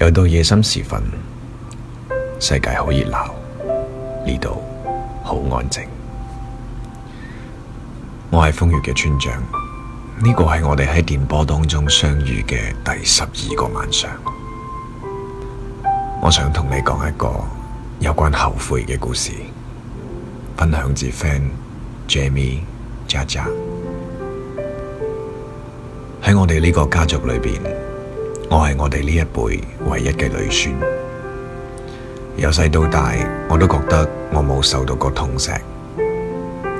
又到夜深時分，世界好熱鬧，呢度好安靜。我係風月嘅村長，呢個係我哋喺電波當中相遇嘅第十二個晚上。我想同你講一個有關後悔嘅故事，分享自 friend Jamie Jaja。喺我哋呢個家族裏邊。我係我哋呢一輩唯一嘅女孫，由細到大，我都覺得我冇受到過痛錫，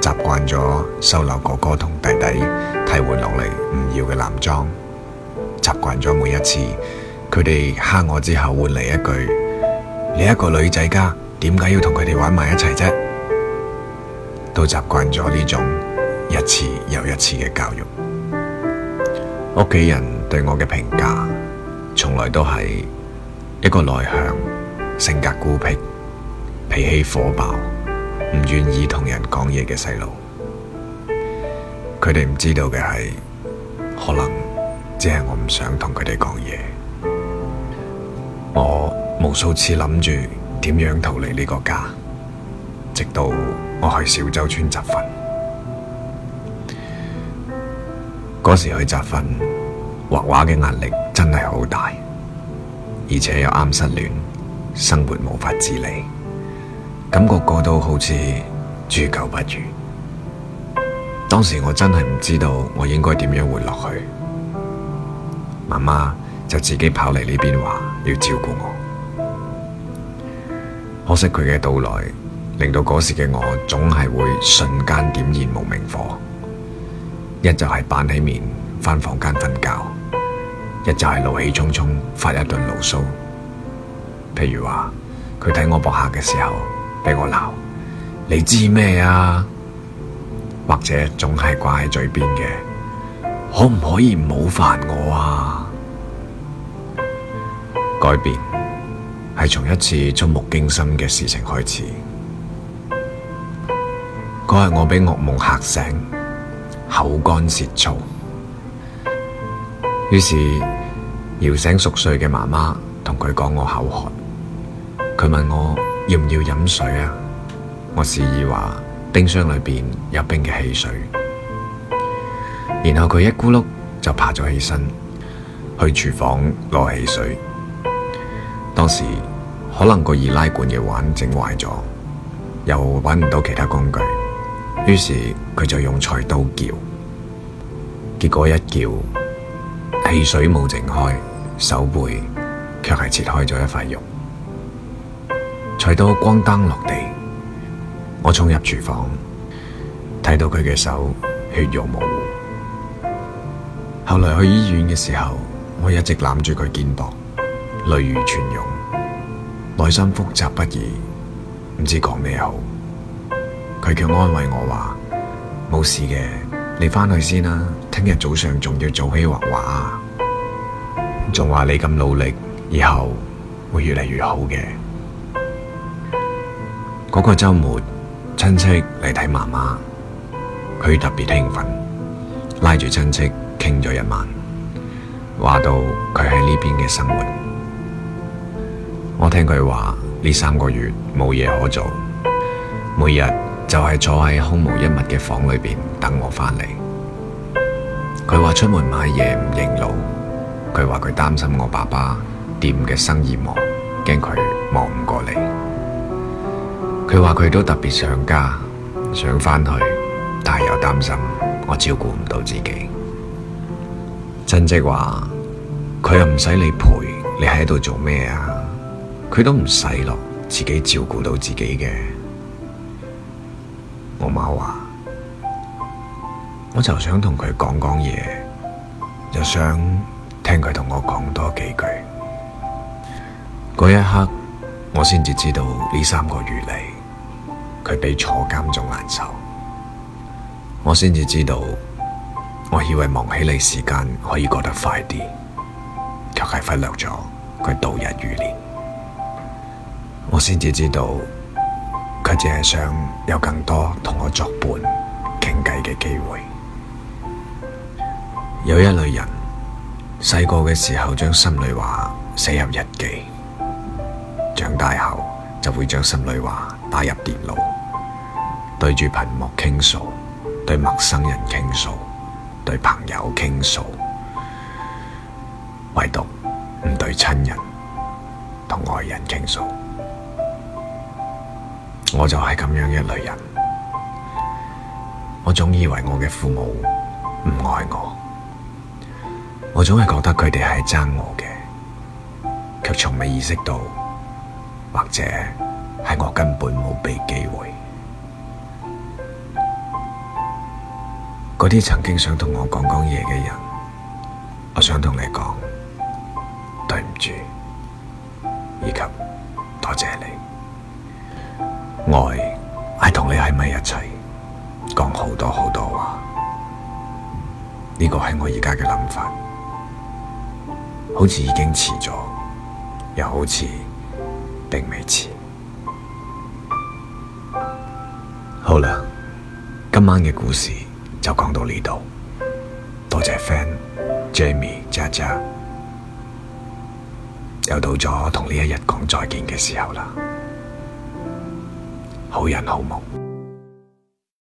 習慣咗收留哥哥同弟弟替換落嚟唔要嘅男裝，習慣咗每一次佢哋蝦我之後換嚟一句：你一個女仔家，點解要同佢哋玩埋一齊啫？都習慣咗呢種一次又一次嘅教育，屋企人對我嘅評價。從來都係一個內向、性格孤僻、脾氣火爆、唔願意同人講嘢嘅細路。佢哋唔知道嘅係，可能只係我唔想同佢哋講嘢。我無數次諗住點樣逃離呢個家，直到我去小洲村集訓。嗰時去集訓。畫畫嘅壓力真係好大，而且又啱失戀，生活無法自理，感覺過到好似豬狗不如。當時我真係唔知道我應該點樣活落去，媽媽就自己跑嚟呢邊話要照顧我。可惜佢嘅到來，令到嗰時嘅我總係會瞬間點燃無名火，一就係板起面返房間瞓覺。一就係怒氣沖沖，發一頓牢騷。譬如話佢睇我博客嘅時候，畀我鬧，你知咩啊？或者總係掛喺嘴邊嘅，可唔可以唔好煩我啊？改變係從一次觸目驚心嘅事情開始。嗰日我俾噩夢嚇醒，口乾舌燥，於是。搖醒熟睡嘅媽媽，同佢講我口渴。佢問我要唔要飲水啊？我示意話冰箱裏邊有冰嘅汽水。然後佢一咕碌就爬咗起身，去廚房攞汽水。當時可能個易拉罐嘅環整壞咗，又揾唔到其他工具，於是佢就用菜刀撬。結果一撬。汽水冇整開，手背卻係切開咗一塊肉。菜刀咣當落地，我衝入廚房，睇到佢嘅手血肉模糊。後來去醫院嘅時候，我一直攬住佢肩膊，淚如泉湧，內心複雜不已，唔知講咩好。佢卻安慰我話：冇事嘅。你翻去先啦，聽日早上仲要做起畫畫，仲話你咁努力，以後會越嚟越好嘅。嗰個周末，親戚嚟睇媽媽，佢特別興奮，拉住親戚傾咗一晚，話到佢喺呢邊嘅生活。我聽佢話呢三個月冇嘢可做，每日。就係坐喺空無一物嘅房裏邊等我返嚟。佢話出門買嘢唔認路，佢話佢擔心我爸爸店嘅生意忙，驚佢忙唔過嚟。佢話佢都特別想家，想返去，但係又擔心我照顧唔到自己。親戚話佢又唔使你陪你，你喺度做咩啊？佢都唔使咯，自己照顧到自己嘅。我媽話，我就想同佢講講嘢，又想聽佢同我講多幾句。嗰一刻，我先至知道呢三個月嚟，佢比坐監仲難受。我先至知道，我以為忙起嚟時間可以過得快啲，卻係忽略咗佢度日如年。我先至知道。佢只係想有更多同我作伴、傾偈嘅機會。有一類人，細個嘅時候將心裏話寫入日記，長大後就會將心裏話打入電腦，對住屏幕傾訴，對陌生人傾訴，對朋友傾訴，唯獨唔對親人同愛人傾訴。我就係咁樣一類人，我總以為我嘅父母唔愛我，我總係覺得佢哋係欠我嘅，卻從未意識到，或者係我根本冇俾機會。嗰啲曾經想同我講講嘢嘅人，我想同你講，對唔住，以及多謝你。愛係同你喺埋一齊，講好多好多話，呢個係我而家嘅諗法，好似已經遲咗，又好似並未遲。好啦，今晚嘅故事就講到呢度，多謝 friend Jamie、渣渣，又到咗同呢一日講再見嘅時候啦。好人好夢。